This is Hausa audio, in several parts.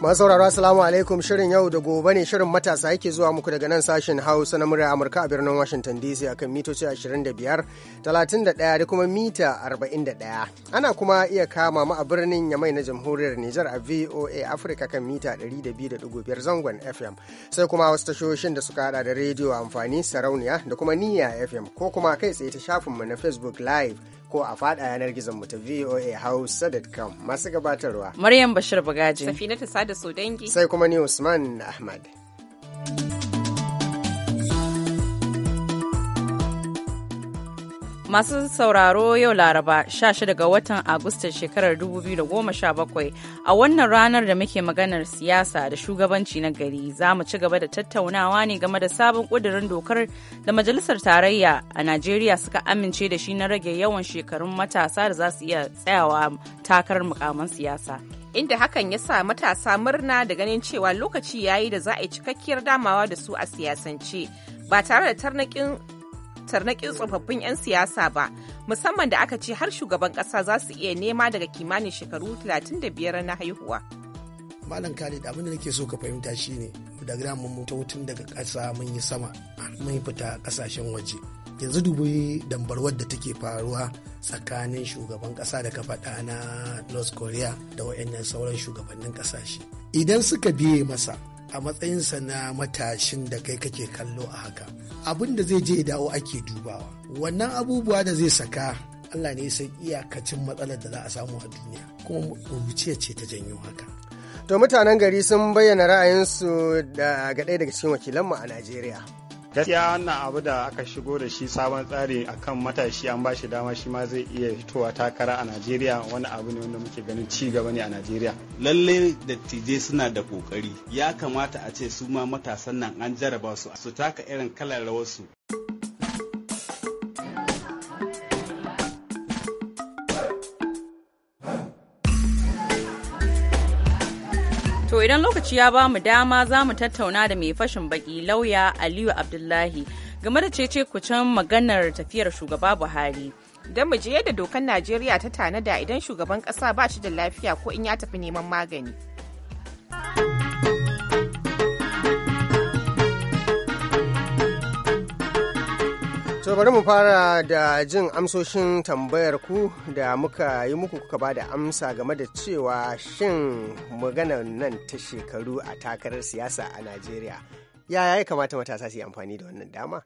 Masu sauraro Assalamu alaikum shirin yau da gobe ne shirin matasa yake zuwa muku daga nan sashen Hausa na murya Amurka a birnin Washington DC akan mitoci 25, 31 da kuma mita 41. Ana kuma iya kama mu a birnin Yamai na Jamhuriyar Nijar a VOA Africa kan mita 102.5 zangon FM. Sai kuma wasu tashoshin da suka hada da rediyo amfani sarauniya da kuma niyya FM ko kuma kai tsaye ta shafinmu na Facebook Live ko a faɗa yanar gizon mu ta voa hausa.com masu gabatarwa maryam bashir bagaji ta sada dangi. sai kuma ni usman ahmad thank you Masu sauraro yau Laraba 16 ga watan Agustan shekarar 2017 a wannan ranar da muke maganar siyasa da shugabanci na gari za mu ci gaba da tattaunawa ne game da sabon ƙudurin dokar da Majalisar Tarayya a Najeriya suka amince da shi na rage yawan shekarun matasa da za su iya tsayawa takarar mukaman siyasa. Inda hakan ya sa matasa murna da ganin cewa lokaci yayi da za a yi cikakkiyar damawa da su a siyasance ba tare da tarnakin. tarnaƙin tsofaffin 'yan siyasa ba musamman da aka ce har shugaban ƙasa za su iya nema daga kimanin shekaru 35 na haihuwa. malam khalid abin da nake so ka fahimta shine da gida mun tun daga ƙasa mun yi sama mun yi fita kasashen waje yanzu dubi dambarwar da take faruwa tsakanin shugaban ƙasa da ka faɗa na north korea da wayannan sauran shugabannin ƙasashe idan suka biye masa a matsayinsa na matashin da kai kake kallo a haka abin da zai je ya dawo ake dubawa wannan abubuwa da zai saka Allah ne san iyakacin matsalar da za a samu a duniya kuma kuruciya ce ta janyo haka to mutanen gari sun bayyana ra'ayinsu ga ɗaya daga cikin wakilanmu a Najeriya gaskiya wannan abu da aka shigo da shi sabon tsari akan matashi an bashi dama shi ma zai iya fitowa takara a najeriya wani abu ne wanda muke ganin ci gaba ne a najeriya lalle dattijai suna da kokari ya kamata a ce su ma matasan nan an jaraba su su taka irin kalar rawarsu. su idan lokaci ya ba mu dama za mu tattauna da mai fashin baki lauya Aliyu Abdullahi game da cece kucin maganar tafiyar shugaba Buhari. Don mu je yadda dokan Najeriya ta tanada idan shugaban ƙasa ba shi da lafiya ko in ya tafi neman magani. To bari mu fara da jin amsoshin tambayar ku da muka yi muku kuka ba da amsa game da cewa shin maganar nan ta shekaru a takarar siyasa a Najeriya. Yaya ya kamata matasa su yi amfani da wannan dama?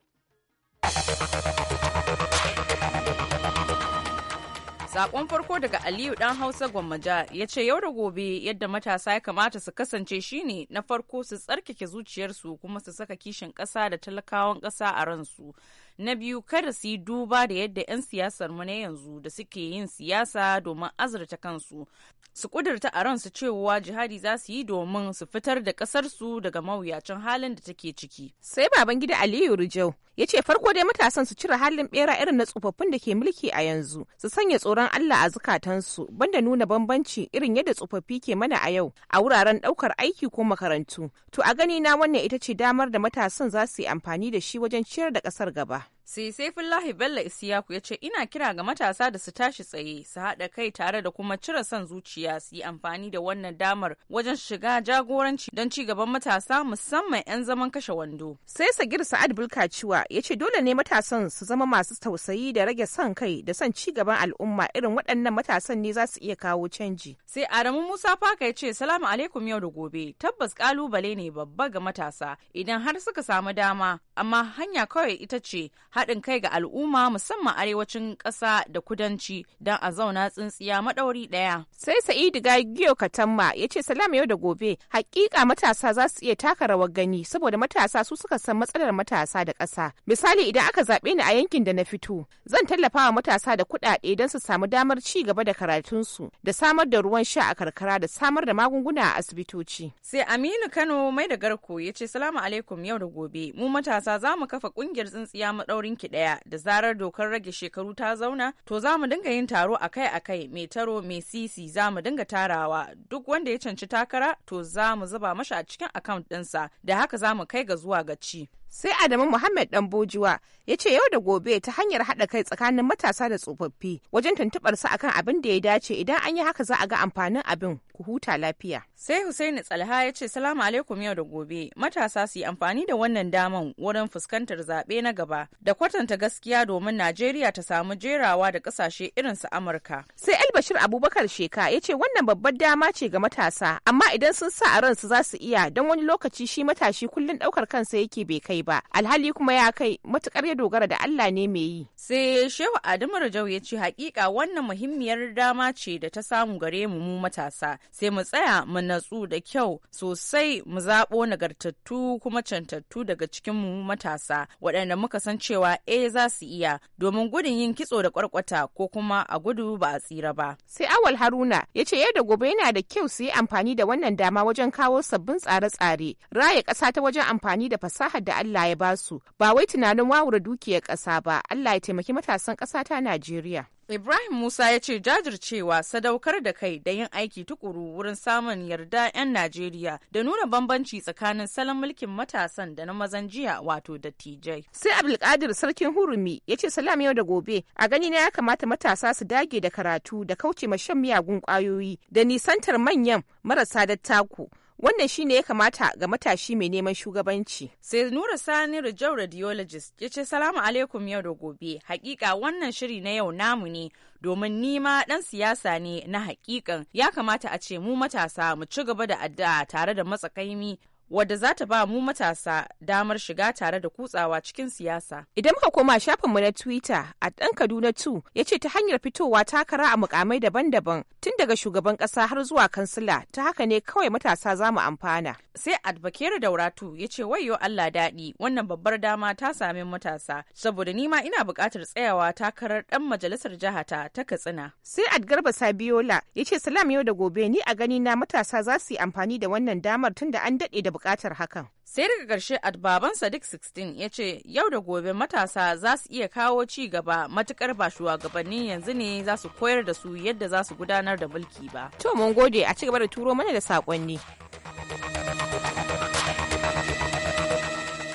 Sakon farko daga Aliyu ɗan Hausa Gwammaja ya ce yau da gobe yadda matasa ya kamata su kasance shine na farko su tsarkake zuciyarsu kuma su saka kishin ƙasa da talakawan ƙasa a ransu. na biyu kada su yi duba da yadda 'yan siyasar mu na yanzu da suke yin siyasa domin azurta kansu su kudurta a ransu cewa jihadi za su yi domin su fitar da kasarsu daga mawuyacin halin da take ciki sai Babangida gida aliyu rijau ya ce farko dai matasan su cire halin bera irin na tsofaffin da ke mulki a yanzu su sanya tsoron Allah a zukatansu banda nuna bambanci irin yadda tsofaffi ke mana a yau a wuraren daukar aiki ko makarantu to a gani na wannan ita ce damar da matasan za su yi amfani da shi wajen ciyar da kasar gaba sai saifullahi bello isiyaku ya ce ina kira ga matasa da su tashi tsaye su haɗa kai tare da kuma cire son zuciya su yi amfani da wannan damar wajen shiga jagoranci don ci gaban matasa musamman 'yan zaman kashe wando sai sagir sa'ad bulkaciwa ya ce dole ne matasan su zama masu tausayi da rage son kai da son ci gaban al'umma irin waɗannan matasan ne za su iya kawo canji sai adamu musa faka ya ce salamu alaikum yau da gobe tabbas kalubale ne babba ga matasa idan har suka samu dama amma hanya kawai ita ce haɗin kai ga al'umma musamman arewacin ƙasa da kudanci don a zauna tsintsiya maɗauri ɗaya. Sai Sa'idu Giyo Katamma ya ce salam yau da gobe hakika matasa za su iya taka rawar gani saboda matasa su suka san matsalar matasa da ƙasa. Misali idan aka zaɓe ni a yankin da na fito zan tallafa wa matasa da kuɗaɗe don su samu damar ci gaba da karatunsu da samar da ruwan sha a karkara da samar da magunguna a asibitoci. Sai Aminu Kano mai da garko ya ce salamu alaikum yau da gobe mu matasa matasa za mu kafa kungiyar tsintsiya maɗaurin ki ɗaya da zarar dokar rage shekaru ta zauna to za mu dinga yin taro akai-akai mai taro mai sisi za mu dinga tarawa duk wanda ya canci takara to za mu zuba mashi a cikin akaunt ɗinsa da haka za mu kai ga zuwa ga ci. sai adamu muhammad dan bojuwa ya ce yau da gobe ta hanyar haɗa kai tsakanin matasa da tsofaffi wajen tuntuɓar su akan abin da ya dace idan an yi haka za a ga amfanin abin ku huta lafiya sai husaini tsalha ya ce salamu alaikum yau da gobe matasa su yi amfani da wannan daman wurin fuskantar zaɓe na gaba da kwatanta gaskiya domin najeriya ta samu jerawa da ƙasashe irin su amurka sai albashir abubakar sheka ya ce wannan babbar dama ce ga matasa amma idan sun sa a ransu za su iya don wani lokaci shi matashi kullum ɗaukar kansa yake bai kai ba alhali kuma ya kai matukar ya dogara da Allah ne mai yi. Sai Shehu Adamu jau ya ce hakika wannan muhimmiyar dama ce da ta samu gare mu mu matasa sai mu tsaya mu natsu da kyau sosai mu zaɓo nagartattu kuma cantattu daga cikin mu matasa waɗanda muka san cewa eh za su iya domin gudun yin kitso da kwarkwata ko kuma a gudu ba a tsira ba. Sai Awal Haruna ya ce yadda gobe yana da kyau su yi amfani da wannan dama wajen kawo sabbin tsare-tsare raya ƙasa ta wajen amfani da fasahar da Allah Allah ya basu ba wai tunanin wawura dukiyar ƙasa ba Allah ya taimaki matasan ƙasa ta Najeriya. Ibrahim Musa ya ce jajircewa sadaukar da kai da yin aiki tukuru wurin samun yarda 'yan Najeriya da nuna bambanci tsakanin salon mulkin matasan da na mazan jiya wato dattijai. Sai Abdulkadir Sarkin Hurumi ya ce salam yau da gobe a gani na ya kamata matasa su dage da karatu da kauce ma shan miyagun kwayoyi da nisantar manyan marasa dattako wannan shi ne ya kamata ga matashi mai neman shugabanci. Sai Nura Sani Rijau Radiologist ya ce salamu alaikum yau da gobe. Hakika wannan shiri na yau namu ne domin nima dan siyasa ne na hakikan ya kamata a ce mu matasa mu ci gaba da addu'a tare da matsakaimi wadda za ta ba mu matasa damar shiga tare da kutsawa cikin siyasa. Idan muka koma shafinmu na Twitter a ɗan Kaduna 2 ya ce ta hanyar fitowa takara a mukamai daban-daban tun daga shugaban ƙasa har zuwa kansila ta haka ne kawai matasa za mu amfana. Sai Adbakere Dauratu ya ce wayo Allah daɗi wannan babbar dama ta sami matasa saboda ni ma ina buƙatar tsayawa takarar ɗan majalisar jihata ta Katsina. Sai Adgarba Sabiola ya ce salam yau da gobe ni a gani na matasa za su yi amfani da wannan damar tun da an daɗe da bukatar hakan. Sai daga ƙarshe Adbaban Sadiq 16 ya ce yau da gobe matasa za su iya kawo ci gaba matukar ba shugabanni yanzu ne za su koyar da su yadda za su gudanar da mulki ba. To mun gode a ci gaba da turo mana da sakonni.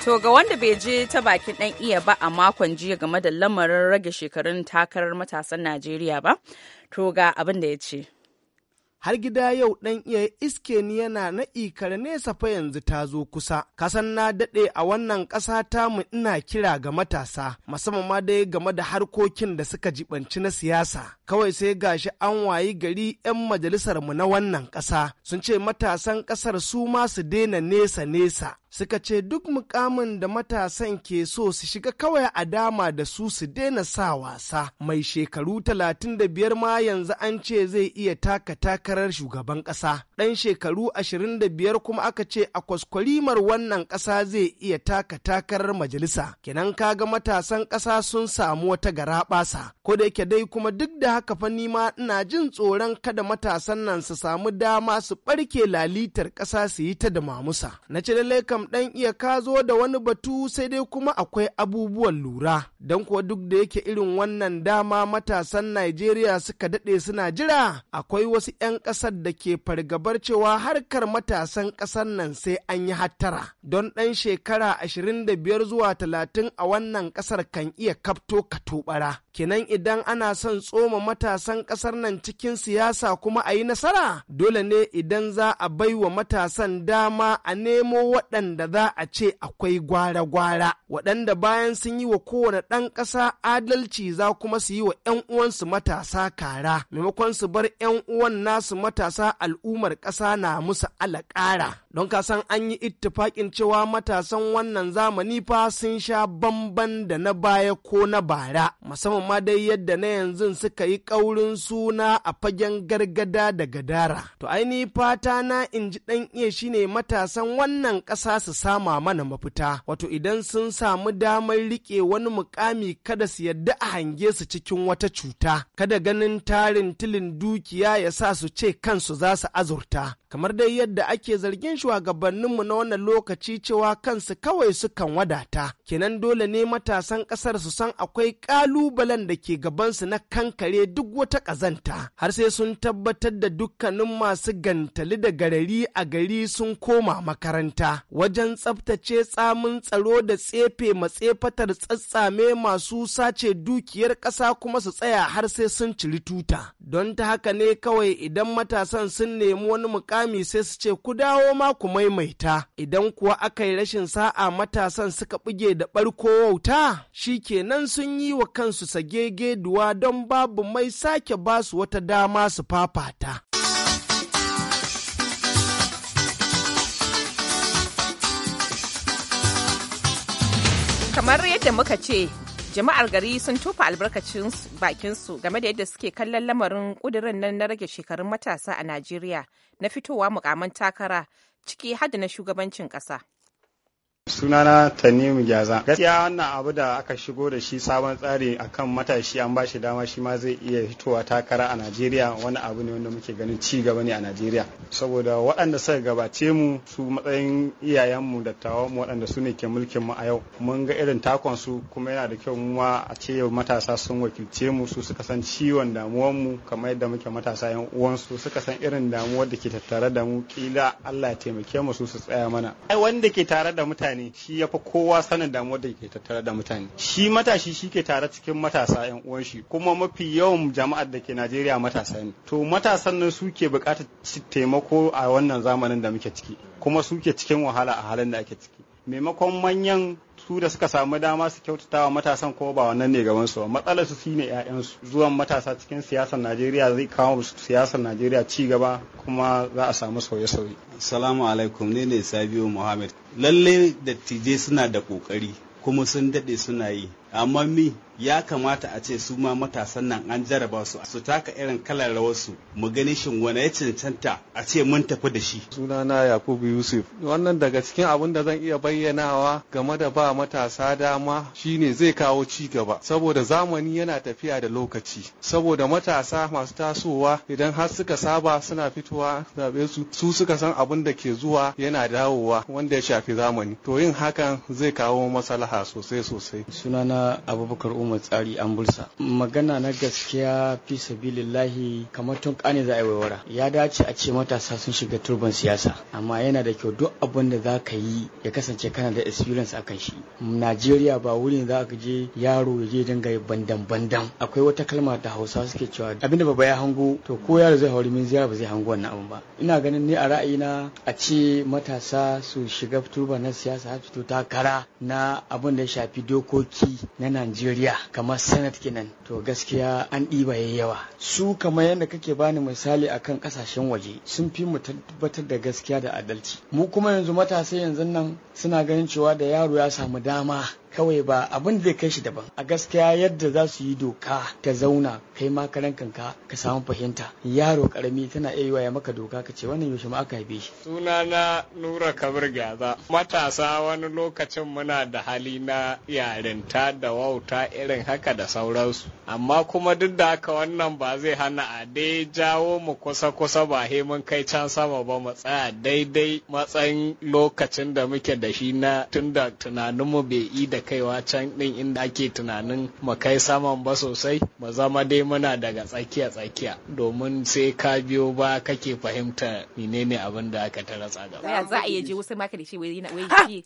To ga wanda bai je ta bakin ɗan iya ba a makon jiya game da lamarin rage shekarun takarar matasan Najeriya ba, to ga abin da ya ce. har gida yau ɗan iya iske ni yana na ikar nesa fa yanzu ta zo kusa. Kasan na daɗe a wannan ƙasa mu ina kira ga matasa, musamman ma dai game da harkokin da suka jibanci na siyasa. Kawai sai gashi an wayi gari 'yan majalisar mu na wannan ƙasa sun ce matasan ƙasar su ma su daina nesa nesa. suka ce duk mukamin da matasan ke so su shiga kawai a dama da su su daina sa wasa mai shekaru 35 ma yanzu an ce zai iya taka takarar shugaban ƙasa ɗan shekaru 25 kuma aka ce a kwaskwalimar wannan ƙasa zai iya taka takarar majalisa kenan kaga matasan ƙasa sun samu wata garaɓasa ko da yake dai kuma duk da haka fa nima ina jin tsoron kada matasan nan su samu dama su ɓarke lalitar ƙasa su yi ta da mamusa na ce lallai kam ɗan iya kazo da wani batu sai dai kuma akwai abubuwan lura. Don kuwa duk da yake irin wannan dama matasan Najeriya suka daɗe suna jira, akwai wasu 'yan ƙasar da ke fargabar cewa harkar matasan ƙasar nan sai an yi hattara. Don ɗan shekara 25 zuwa 30 a wannan ƙasar kan iya kafto tubara. Kenan idan ana son tsoma matasan ƙasar nan cikin siyasa kuma a yi nasara, dole ne idan za a baiwa matasan dama a nemo waɗanda waɗanda za a ce akwai gwara-gwara waɗanda bayan sun yi wa kowane ɗan ƙasa adalci za kuma su yi wa 'yan uwansu matasa kara maimakon su bar 'yan uwan nasu matasa al'ummar ƙasa na musu alaƙara don kasan an yi ittifaƙin cewa matasan wannan zamani fa sun sha bamban da na baya ko na bara musamman ma dai yadda na yanzu suka yi ƙaurin suna a fagen gargada da gadara to ainihi fata na in ji dan iya shine matasan wannan ƙasa su sama mana mafita wato idan sun samu damar riƙe wani mukami kada su yadda a hange su cikin wata cuta kada ganin tarin tilin dukiya ya sa su ce kansu za su azurta kamar dai yadda ake zargin shugabanninmu na wannan lokaci cewa kansu kawai sukan wadata kenan dole ne matasan ƙasar su san akwai ƙalubalen da ke gabansu na kankare duk wata ƙazanta har sai sun tabbatar da dukkanin masu gantali da garari a gari sun koma makaranta wajen tsaftace tsamin tsaro da tsefe matsefatar tsatsame masu sace dukiyar ƙasa kuma su tsaya har sai sun ciri tuta don ta haka ne kawai idan matasan sun nemi wani mukami sai su ce ku dawo ma ku maimaita idan kuwa aka yi rashin sa'a matasan suka buge da barko wauta shi kenan sun yi wa kansu sagegeduwa don babu mai sake basu wata dama su fafata. kamar yadda muka ce jama'ar gari sun tofa albarkacin bakinsu game da yadda suke kallon lamarin kudirin nan na rage shekarun matasa a najeriya na fitowa mukaman takara ciki hada na shugabancin ƙasa. sunana tanimu gyaza gaskiya wannan abu da aka shigo da shi sabon tsari akan matashi an ba shi dama shi ma zai iya hitowa takara a najeriya wani abu ne wanda muke ganin ci gaba ne a najeriya saboda waɗanda suka gabace mu su matsayin iyayenmu dattawan mu waɗanda su ne ke mulkin mu a yau mun ga irin takon su kuma yana da kyau mu ma a ce yau matasa sun wakilce mu su suka san ciwon damuwanmu mu kamar yadda muke matasa yan uwansu suka san irin damuwar da ke tattare da mu kila Allah ya taimake mu su su tsaya mana ai wanda ke tare da mutane mutane shi ya fi kowa sanin damuwar da ke tattare da mutane shi matashi shi ke tare cikin matasa yan uwan shi kuma mafi yawan jama'ar da ke najeriya matasa ne to matasan nan su ke bukatar taimako a wannan zamanin da muke ciki kuma su ke cikin wahala a halin da ake ciki maimakon manyan su da suka samu dama su kyautata wa matasan ko ba wannan ne gaban su matsalar su shine ƴaƴansu zuwan matasa cikin siyasar Najeriya zai kawo siyasar Najeriya ci gaba kuma za a samu sauye-sauye Assalamu alaikum ne ne Sabiu Muhammad lalle dattijai suna da kokari kuma sun dade suna yi amma mi ya kamata a ce su ma matasan nan an jaraba su su taka irin kalar rawarsu mu gani shin wani ya cancanta a ce mun tafi da shi sunana yakubu yusuf wannan daga cikin abin da zan iya bayyanawa game da ba matasa dama shine zai kawo ci gaba saboda zamani yana tafiya da lokaci saboda matasa masu tasowa idan har suka saba suna fitowa zaɓe su su suka san abin da ke zuwa yana dawowa wanda ya shafi zamani to yin hakan zai kawo maslaha sosai sosai sunana abubakar umar hukumar tsari an bulsa magana na gaskiya fi sabilillahi kamar tun kane za a yi waiwara ya dace a ce matasa sun shiga turban siyasa amma yana da kyau duk abin da za ka yi ya kasance kana da experience a kan shi najeriya ba wurin za ka je yaro ya je dinga bandan bandan akwai wata kalma da hausa suke cewa abinda baba ya hango to ko yaro zai hauri min ziyara ba zai hango wannan abin ba ina ganin ni a ra'ayi na a ce matasa su shiga turban na siyasa ta fito takara na abin da ya shafi dokoki na najeriya kamar senat kenan to gaskiya an ɗiba ya yawa su kamar yadda kake bani misali akan ƙasashen waje sun fi mu tabbatar da gaskiya da adalci mu kuma yanzu matasa yanzu nan suna ganin cewa da yaro ya samu dama kawai ba abin da zai kai shi daban a gaskiya yadda za su yi doka ta zauna kai ma karan kanka ka samu fahimta yaro karami tana iya yiwa ya maka doka ka ce wannan yaushe ma aka haife shi na nura kabir gaza matasa wani lokacin muna da hali na yarinta da wauta irin haka da sauransu amma kuma duk da haka wannan ba zai hana a dai jawo mu kusa kusa ba he mun kai can sama ba mu tsaya daidai matsayin lokacin da muke da shi na tunda tunaninmu bai yi da da kaiwa can din inda ake tunanin mu kai saman ba sosai mu zama dai muna daga tsakiya-tsakiya domin sai ka biyo ba kake fahimta menene abin da aka tsada gaba. Za a iya je wasu maka wai yi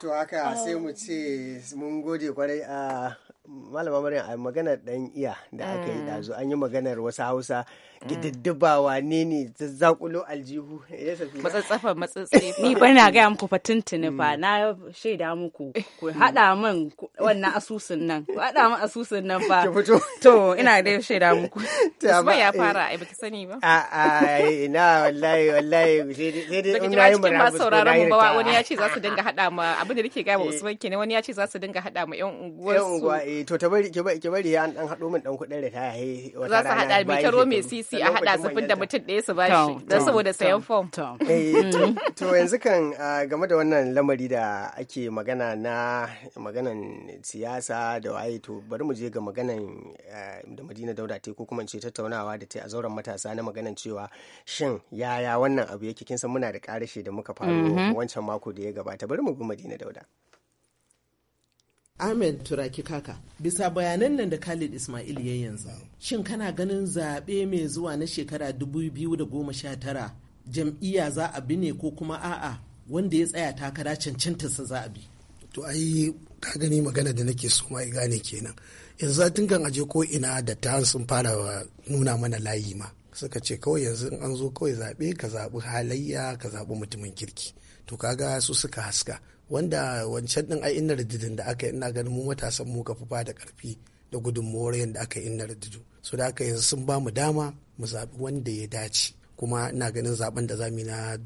To haka sai mu ce mun gode kwarai a ah, malama murya a maganar dan iya da aka yi dazu mm. an yi maganar wasu hausa gididdibawa mm. ne ne ta zakulo aljihu matsatsafa matsatsi ni bana na gaya muku fatin fa mm. na shaida muku ku hada min wannan asusun nan ku hada min asusun nan fa to ina da shaida muku ba ya fara eh. ai baki sani ba a a ina wallahi wallahi sai dai in nayi murabus ko ba wani ya ce za su dinga hada ma abin da nake gaya wa usman kenan wani ya ce za su dinga hada ma yan eh. unguwa su eh. to ta bari ki bari ki bari an dan hado min dan kudin ritaya he wata rana za su hada mai taro mai cc a hada su da mutum ɗaya su bashi dan saboda sayan form eh to yanzu kan game da wannan lamari da ake magana na maganan siyasa da waye to bari mu je ga maganan da Madina Dauda ta ko kuma in ce tattaunawa da ta a zauren matasa na maganan cewa shin yaya wannan abu yake kin san muna da karashe da muka faru mm-hmm. wancan mako da ya gabata bari mu bi Madina Dauda Ahmed Turaki Kaka bisa bayanan nan da Khalid Ismail ya yanzu. Shin kana ganin zaɓe mai zuwa na shekara 2019 jam'iyya za a bi ne ko kuma a'a wanda ya tsaya takara cancanta sa za a bi? To ai ka gani magana da nake so ma gane kenan. Yanzu tun kan aje ko ina da ta sun fara nuna mana layi ma. Suka ce kawai yanzu in an zo kawai zaɓe ka zaɓi halayya ka zaɓi mutumin kirki. To kaga su suka haska wanda wancan din ai inna didin da aka yi ina ganin mu matasan mu ka ba da karfi da gudunmuwar yadda aka yi da rididu su da aka yanzu sun ba mu dama mu zaɓi wanda ya dace kuma ina ganin zaben da zamu na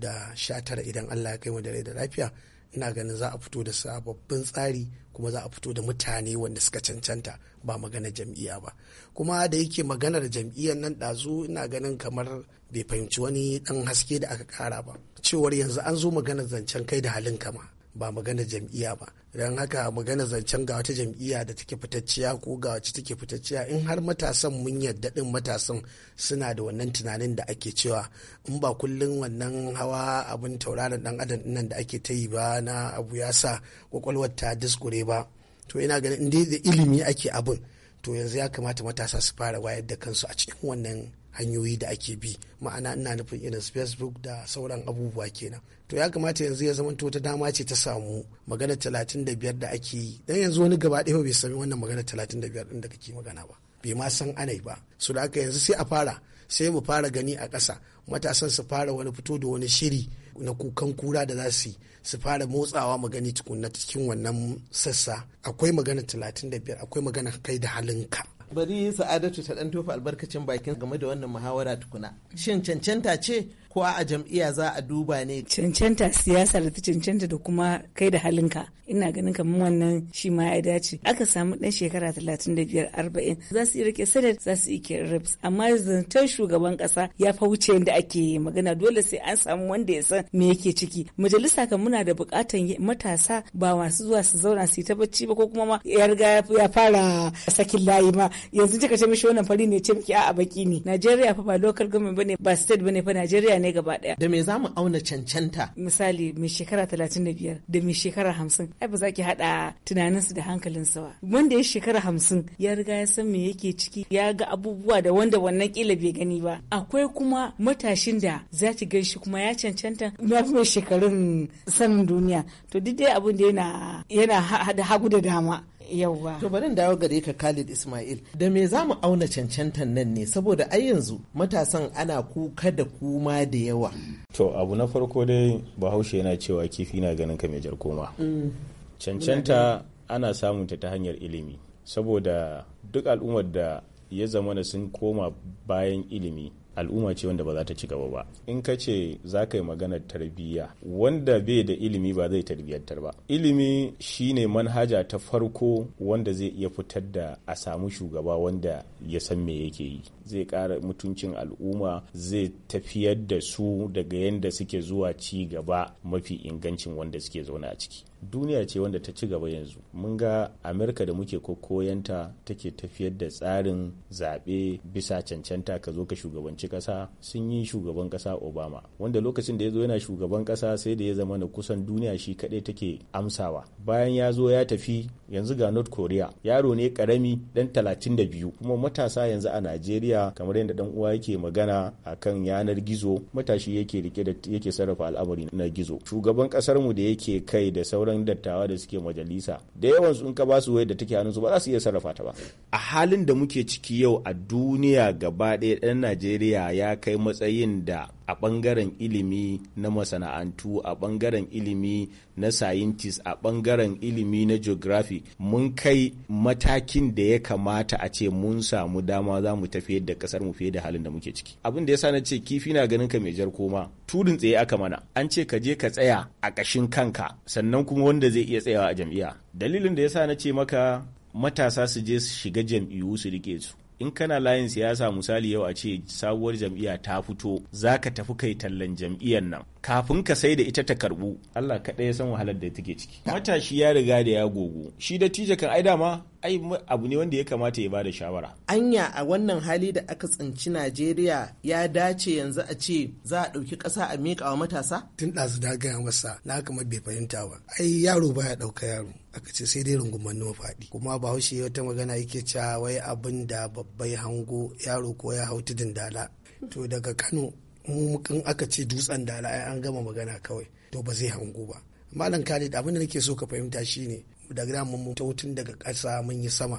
da sha tara idan Allah ya kai mu da da lafiya ina ganin za a fito da sababbin tsari kuma za a fito da mutane wanda suka cancanta ba maganar jam'iyya ba kuma da yake maganar jam'iyyar nan ɗazu ina ganin kamar bai fahimci wani ɗan haske da aka kara ba cewar yanzu an zo maganar zancen kai da halin kama ba maganar jam'iyya ba don haka maganar zancen ga wata jam'iyya da take fitacciya ko ga wacce take fitacciya in har matasan mun yadda din matasan suna da wannan tunanin da ake cewa in ba kullun wannan hawa abin tauraron dan adam nan da ake ta yi ba na abu ya sa kwakwalwar ta diskure ba to ina ganin inda dai da ilimi ake abin to yanzu ya kamata matasa su fara wayar da kansu a cikin wannan hanyoyi da ake bi ma'ana ina nufin irin facebook da sauran abubuwa kenan to ya kamata yanzu ya zama wata dama ce ta samu magana 35 da ake yi dan yanzu wani gaba ɗaya bai sami wannan magana 35 ɗin da kake magana ba bai ma san anai ba su da aka yanzu sai a fara sai mu fara gani a ƙasa matasan su fara wani fito da wani shiri na kukan kura da za su yi su fara motsawa magani tukunna cikin wannan sassa akwai magana 35 akwai magana kai da halinka bari sa'adatu ta dan tofa albarkacin bakin game da wannan muhawara tukuna shin cancanta ce ko a jam'iyya za a duba ne cancanta siyasa da ta cancanta da kuma kai da halinka ina ganin kamar wannan shi ma ya dace aka samu ɗan shekara talatin 35 40 za su yi rike sadar, za su yi reps amma zantar shugaban kasa ya fa wuce yadda ake magana dole sai an samu wanda ya san me yake ciki majalisa kan muna da bukatan matasa ba masu zuwa su zauna su yi ta bacci ba ko kuma ma ya riga ya fara sakin layi ma yanzu kika ce mishi wannan fari ne ce miki a'a baki ne Najeriya fa ba local government bane ba state bane fa Najeriya mutane gaba daya da me za mu auna cancanta misali mai shekara talatin da biyar da mai shekara hamsin ai ba za ki haɗa tunaninsu da hankalinsu ba wanda ya shekara hamsin ya riga ya san me yake ciki ya ga abubuwa da wanda wannan kila bai gani ba akwai kuma matashin da za ki gan kuma ya cancanta ya fi mai shekarun sanin duniya to duk dai abin da yana yana hagu da dama yauwa to bari dawo gare ka Khalid Ismail da me za mu auna cancantan nan ne saboda ai yanzu matasan ana kuka da kuma da yawa to abu na farko dai bahaushe yana cewa kifi na ganin ka mai koma mm. cancanta ana samun ta ta hanyar ilimi saboda duk al'ummar da ya zama sun koma bayan ilimi al'umma ce wanda ba za ta ci gaba ba in ka ce za ka yi maganar tarbiyya wanda bai da ilimi ba zai tarbiyyantar ba ilimi shine manhaja ta farko wanda zai iya fitar da a samu shugaba wanda ya san me yake yi zai kara mutuncin al'umma zai tafiyar da su daga yanda suke zuwa ci gaba mafi ingancin wanda suke zaune a ciki duniya ce wanda ta ci gaba yanzu mun ga amerika da muke koyanta take tafiyar da tsarin zaɓe bisa cancanta ka zo ka shugabanci ƙasa sun yi shugaban ƙasa obama wanda lokacin da ya zo yana shugaban ƙasa sai da ya zama na kusan duniya shi kaɗai take amsawa bayan ya zo ya tafi yanzu ga north korea yaro ne karami dan talatin da biyu kuma matasa yanzu a najeriya kamar yadda dan uwa yake magana a kan yanar gizo matashi yake rike da yake sarrafa al'amari na gizo shugaban ƙasarmu da yake kai da sauran sauran dattawa da suke majalisa da yawan su in ka ba su wayar da take hannun su ba za su iya sarrafa ta ba a halin da muke ciki yau a duniya gaba ɗaya ɗan Najeriya ya kai matsayin da a ɓangaren ilimi na masana'antu a ɓangaren ilimi na scientist a ɓangaren ilimi na geography mun kai matakin da ya kamata a ce mun samu dama za mu tafi da kasar mu fiye da halin da muke ciki abin da yasa na ce kifi na ganin ka mai jar koma tudun tsaye aka mana an ce ka je ka tsaya a ƙashin kanka sannan kuma wanda zai iya tsayawa a jam'iyya dalilin da yasa na ce maka matasa su je su shiga jam'iyyu su rike su in kana layin siyasa misali yau a ce sabuwar jam'iyya ta fito za ka tafi kai tallan jam'iyyar nan kafin ka sai da ita ta karbu Allah kaɗai ya san wahalar da take ciki matashi ya riga da ya gogo shi da tije kan ai dama ai abu ne wanda ya kamata ya ba da shawara anya a wannan hali da aka tsinci Najeriya ya dace yanzu a ce za a ɗauki ƙasa a miƙa wa matasa tun ɗazu da gaya masa na kama bai fahimta ba ai yaro baya ɗauka yaro aka ce sai dai rungumar faɗi kuma bahaushe wata magana yake cewa wai abin da babbai hango yaro ko ya hau tudun dala to daga Kano in aka ce dutsen da ala'ai an gama magana kawai to ba zai hango ba malam khalid abin da nake so ka fahimta shine daga mun mutu hutun daga ƙasa mun yi sama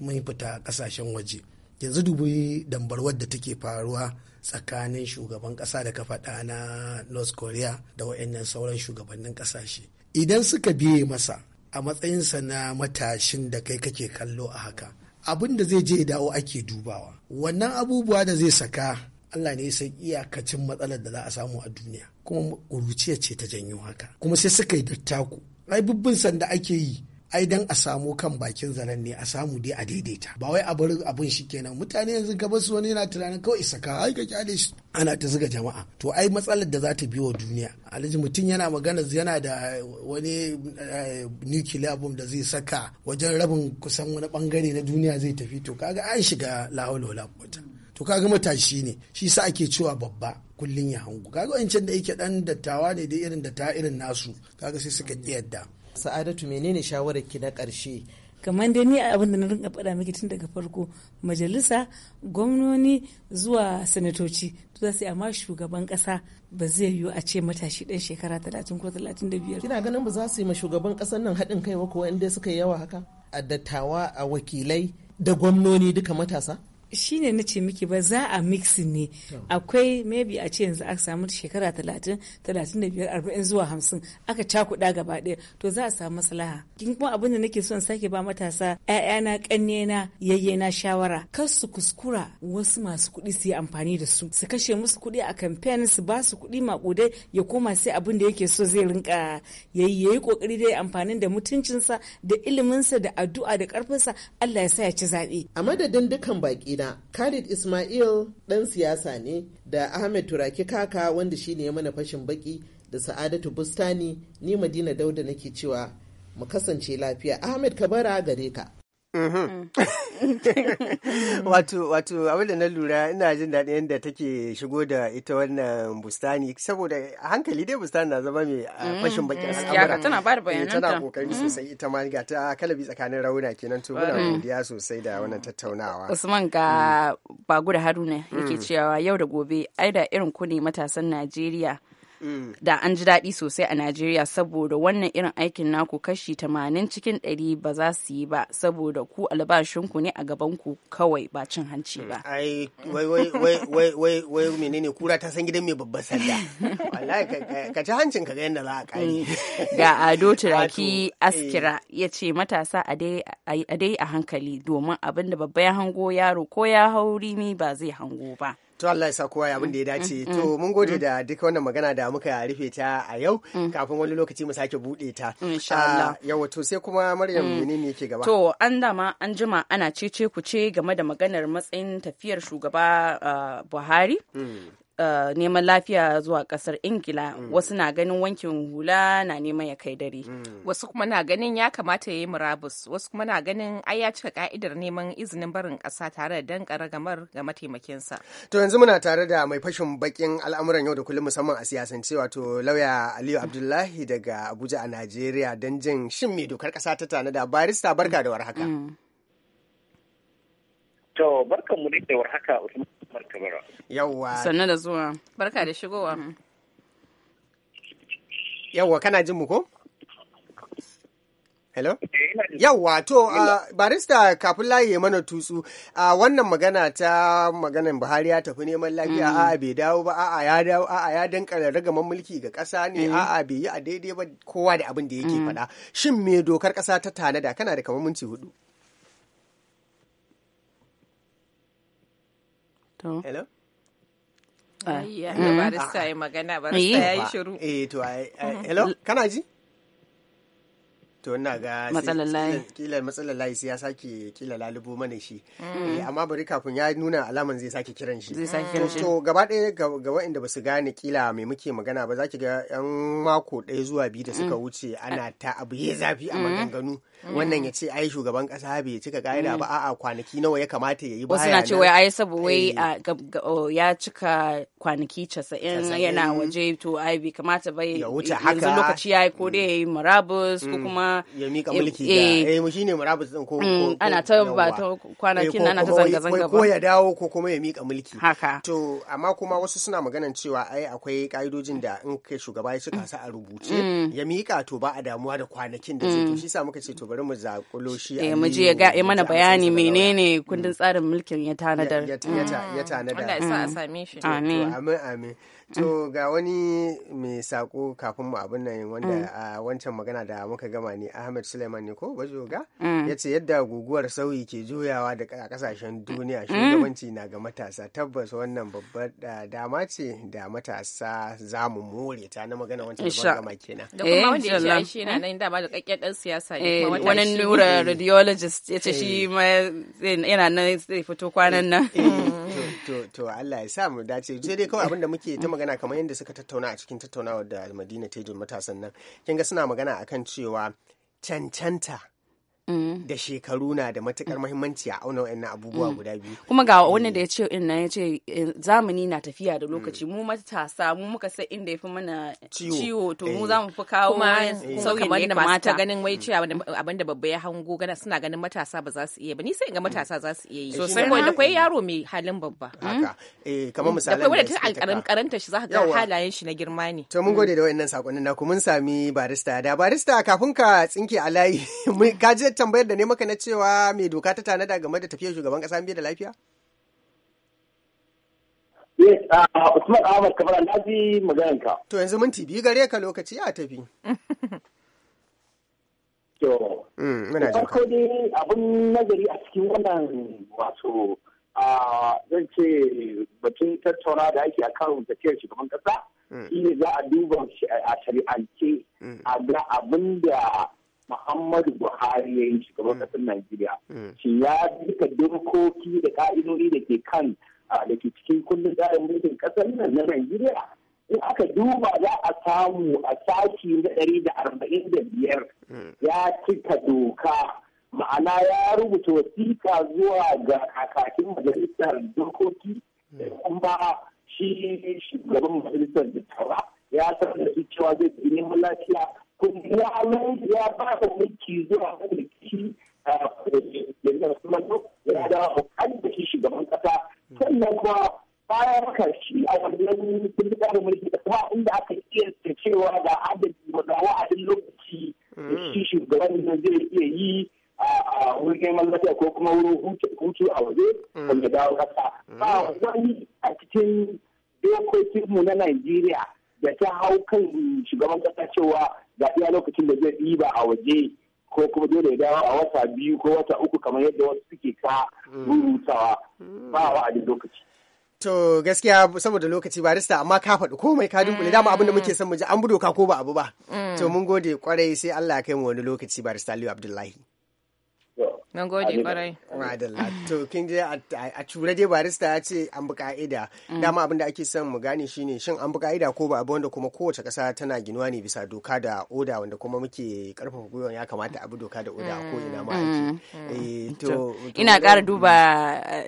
mun fita ƙasashen waje yanzu dubi dambarwar da take faruwa tsakanin shugaban ƙasa da ka faɗa na north korea da wa'annan sauran shugabannin ƙasashe idan suka biye masa a matsayinsa na matashin da kai kake kallo a haka abin da zai je dawo ake dubawa wannan abubuwa da zai saka Allah ne ya san iyakacin matsalar da za a samu a duniya kuma ƙuruciya ce ta janyo haka kuma sai suka yi dattaku ai bubbin sanda ake yi ai dan a samu kan bakin zaren ne a samu dai a daidaita ba wai a bar abin shi kenan mutane yanzu gaba su wani yana tunanin kawai isa ka ai ka kyale shi ana ta zuga jama'a to ai matsalar da za ta biyo duniya alhaji mutum yana magana yana da wani eh, nuclear bomb da zai saka wajen rabin kusan wani bangare na duniya zai tafi to kaga an shiga lahol wala to kaga matashi ne shi sa ake cewa babba kullun ya hangu kaga wancan da yake dan dattawa ne da irin da ta irin nasu kaga sai suka yadda sa'adatu menene shawarar ki na karshe kamar dai ni abin da na rinka faɗa miki tun daga farko majalisa gwamnoni zuwa sanatoci za su amma shugaban ƙasa ba zai yiwu a ce matashi ɗan shekara talatin ko talatin kina ganin ba za su yi ma shugaban ƙasar nan haɗin kai ko inda suka yi yawa haka a dattawa a wakilai da gwamnoni duka matasa Shi ne na ce miki ba za a mixin ne akwai maybe a ce yanzu aka samu shekara talatin talatin da zuwa hamsin aka cakuɗa gaba ɗaya to za a samu maslaha kin kuma abin da nake son sake ba matasa ƴaƴana ƙannena yayyena shawara kar su kuskura wasu masu kuɗi su yi amfani da su su kashe musu kuɗi a kamfen su ba su kuɗi maƙudai ya koma sai abin da yake so zai rinka yayi yayi kokari dai amfanin da mutuncinsa da iliminsa da addu'a da ƙarfinsa Allah ya sa ya ci zaɓe a madadin dukan baki Kaduna. Khalid Ismail ɗan siyasa ne da Ahmed Turaki Kaka wanda shi ne mana fashin baki da Sa'adatu Bustani ni Madina Dauda nake cewa mu kasance lafiya. Ahmed Kabara gare ka. Mm-hmm. Mm. wato wato abin da na lura ina jin daɗin yadda take shigo da ita wannan bustani saboda hankali dai bustani na zama mai mm, fashin bakin al'amura tana ba da eh, bayananta tana kokari mm. sosai ita ma ga ta kalabi tsakanin rauna kenan to muna godiya sosai da wannan tattaunawa Usman ga Bagu Haruna yake cewa yau da gobe ai da irin ku ne matasan Najeriya Mm. da an ji daɗi sosai a najeriya saboda wannan irin aikin naku kashi 80 cikin 100 ba za su yi ba saboda ku albashinku ne a gaban ku kawai ba cin hanci ba mm, ai wai wai wai wai wai wai menene kura ta san gidan mai babban sanda wallahi ka ci hancin ka ga yadda za a kare mm. ga ado turaki eh. askira ya ce matasa a dai a hankali domin abin da babba ya hango yaro ko ya hauri mi ba zai hango ba to Allah ya sa kowa ya da ya mm, mm, dace mm, to mun gode da duka wannan magana da muka rufe ta a yau kafin wani lokaci mu sake bude ta insha ah, Allah yawa to sai kuma Maryam menene yake gaba to an dama an jima ana cece ku ce game da maganar matsayin tafiyar shugaba ah, Buhari Eh, neman lafiya zuwa kasar ingila mm. wasu na ganin wankin hula na neman ya kai dare mm. wasu kuma na ganin ya kamata ya yi murabus wasu kuma na ganin ai ya cika ka'idar neman izinin barin kasa tare da dankara gamar ga mataimakinsa to yanzu muna tare da mai fashin bakin al'amuran yau da kullum musamman a siyasance wato lauya aliyu abdullahi daga abuja a najeriya don jin shin me dokar kasa ta tanada barista barka da warhaka mm. to barkan mu da warhaka Yawwa. Sannu Yawwa mm-hmm. kana jin mu Hello? Eh, Yawwa to uh, barista kafin layi ya mana tutsu a uh, wannan magana ta maganan Buhari ya tafi neman lafiya mm a'a bai dawo ba a'a ya dawo a'a ya danka ragaman mulki ga kasa ne mm a'a bai yi a daidai ba kowa da abin da yake mm. faɗa. Shin me dokar ƙasa ta tanada kana da kamar minti hudu? to hello Ayya, ba da sai magana ba da sai ya yi shiru. Eh, hello, kana uh, to ina ga matsalar layi kila matsalar layi sai ya sake kila lalubo mana shi mm. eh, amma bari kafin ya nuna alaman zai sake kiran shi zai sake kiran shi to gaba ɗaya ga waɗanda ba su gane kila mai muke magana ba zaki ga yan mako ɗaya zuwa biyu da suka mm. wuce ana ta abu ya zafi a mm. maganganu wannan ya ce ai shugaban kasa bai cika ka'ida ba a'a kwanaki nawa ya kamata ya yi baya wasu ce cewa ai saboda wai eh. ya cika kwanaki casa'in yana waje to ai bai kamata ba ya wuce haka lokaci ya yi ko dai ya yi marabus ko kuma kuma ya mika mulki da eh. eh mu shine murabus din mm, ko ana ta ba ta kwanakin eh, ana ta zanga zanga ba ko ya dawo ko kuma ya mika mulki to amma kuma wasu suna maganan cewa ai akwai ka'idojin da in kai shugaba ya cika sa a rubuce mm. ya mika to ba a damuwa da kwanakin da zai mm. to shi sa muka ce to bari mu zakulo shi eh mu je ga mana bayani menene kundin tsarin mulkin ya tanadar ya tanadar Allah ya sa a same shi amin amin to ga wani mai sako kafin mu abin nan wanda a wancan magana da muka gama ne. ne ahmed suleiman ne ko bajoga mm. ya ce yadda guguwar sauyi ke juyawa da kasashen mm. duniya mm. shugabanci na ga matasa tabbas wannan babbar dama ce da matasa za mu more ta na magana wancan da gama kenan da kuma wanda ya ce eh, shi na nan dama da kakkiyar dan siyasa ne eh, wani nura radiologist ya ce shi eh. yana nan zai fito kwanan nan to to Allah ya sa mu dace sai dai kawai abinda muke ta magana kamar yadda suka tattauna a cikin tattaunawar da Madina ta matasan nan kin ga suna magana akan cewa cancanta Mm. da shekaru na da matukar mm. muhimmanci a auna wa'annan abubuwa mm. guda biyu kuma ga wani da ya ce in na ya ce eh, zamani na tafiya da lokaci mu matasa mu muka sai inda ya fi mana ciwo to mu eh. za mu fi kawo sauyin da ya kamata ganin wai ce abin da babba ya hango gana suna ganin matasa ba za su iya ba ni sai ga matasa za su iya yi sosai da kwai yaro mai halin babba haka eh kamar misalan da kwai wanda ta karanta shi za ka ga halayen shi na girma ne to mun gode da wa'annan sakonnin na ku mun sami barista da barista kafin ka tsinke a layi ka ita tambayar da ne maka na cewa mai doka ta tanada game da tafiyar shugaban kasa bai da lafiya? Yes, eh, Usman Ahmad Kabara na ji maganarka. To yanzu minti biyu gare ka lokaci a tafi. To, mm, muna jin ka. dai abin nazari a cikin wannan wato zan ce batun tattauna da ake a kan tafiyar shugaban kasa. Mm. Shi ne za a duba a shari'ance mm. a ga abin da Muhammadu Buhari ya yi shugaban hmm. kasar Najeriya. Hmm. Shi ya duka dokoki da ka'idodi da ke kan da ke cikin kundin tsarin mulkin kasar nan na Najeriya. In aka duba za a samu a sashi na ɗari da arba'in da biyar hmm. ya cika doka ma'ana ya rubuta wasiƙa zuwa ga kakakin majalisar dokoki da kuma shi shugaban majalisar dattawa ya sanar da cewa zai neman lafiya kuma ya ba da mulki zuwa mulki da kuma ya da kan da shi shugaban kasa sannan kuma bayan haka shi a wannan sun da mulki da kuma inda aka iya cewa da adadi da wa'adin lokaci shi shugaban da zai iya yi a wurin neman lafiya ko kuma wurin hutu a waje wanda dawo kasa ba wani a cikin dokokinmu na Najeriya da ta hau kan shugaban kasa cewa ga iya lokacin da zai ɗiba a waje ko kuma dole ya dawo a wata biyu ko wata uku kamar yadda wasu suke ta hmm. rurutawa ba hmm. a a lokaci. To gaskiya saboda lokaci barista amma ka faɗi komai ka dunkule dama abin da muke son mu ji an budo ka ko ba abu ba. Hmm. To mun gode kwarai sai Allah ya kai mu wani lokaci barista Aliyu Abdullahi. Na gode kwarai. Madalla. To kin je a cura dai barista ya ce an bi ka'ida. Mm. Dama abin da ake son mu gane shine shin an bi ka'ida ko ba abu wanda kuma kowace ƙasa tana ginuwa ne bisa doka da oda wanda kuma muke karfafa gwiwa ya kamata abu doka da oda mm. ko ina ma aiki. Mm. Eh, to ina ƙara duba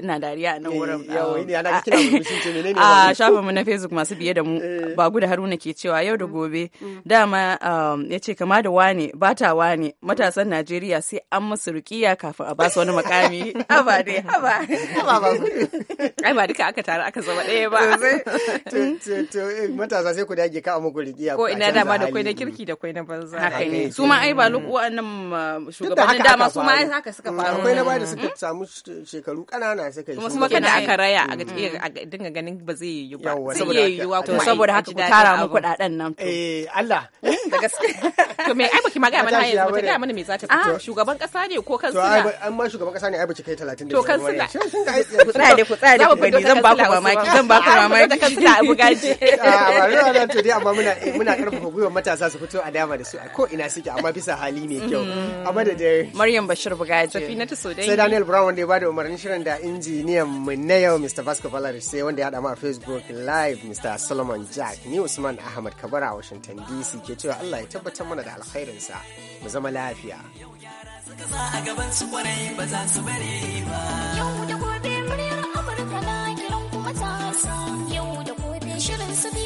na dariya a nan eh, wurin. yau ne ana kira mutum ce menene A shafin mu na Facebook masu biye da mu eh. ba da Haruna ke cewa yau da gobe dama um, ya ce kama da wane bata wane matasan Najeriya sai an musu rukiya kafin kafin a ba su wani makami haba dai haba haba ba ai ba duka aka tare aka zama ɗaya ba eh, matasa sai ku dage ka a muku rigiya ko ina dama da kwai na kirki da kwai na banza haka ne su ma ai ba luku wa'annan shugabannin dama su ma ai haka suka faru akwai na ba da mm. suka samu shekaru kanana suka yi kuma kada aka raya mm. a ga dinga ganin ba zai yi ba zai yi yiwa kuma saboda haka ku tara mu kuɗaɗen nan to eh Allah da gaske to me ai baki magana mana yanzu ta ga mana me za ta fito ah. shugaban kasa ne ko kansila an ma shugaban kasa ne ai bace kai 30 to kan sila tsaya da ku tsaya da ku bani zan ba ku mamaki zan ba ku mamaki ta kan sila abu gaji a ba da to dai amma muna muna karfafa gwiwar matasa su fito a dama da su a ko ina suke amma bisa hali ne kyau amma da dai Maryam Bashir Bugaji Safinatu Sodangi sai Daniel Brown wanda ya bada umarnin shirin da injiniyan mu na yau Mr Vasco Valaris sai wanda ya hada a Facebook live Mr Solomon Jack ni Usman Ahmad Kabara a Washington DC ke cewa Allah ya tabbatar mana da alkhairinsa mu zama lafiya a kwarai ba za su bare ba. Yau da gobe muryar Amurka na kiran kuma ta Yau da gobe shirin su biyu.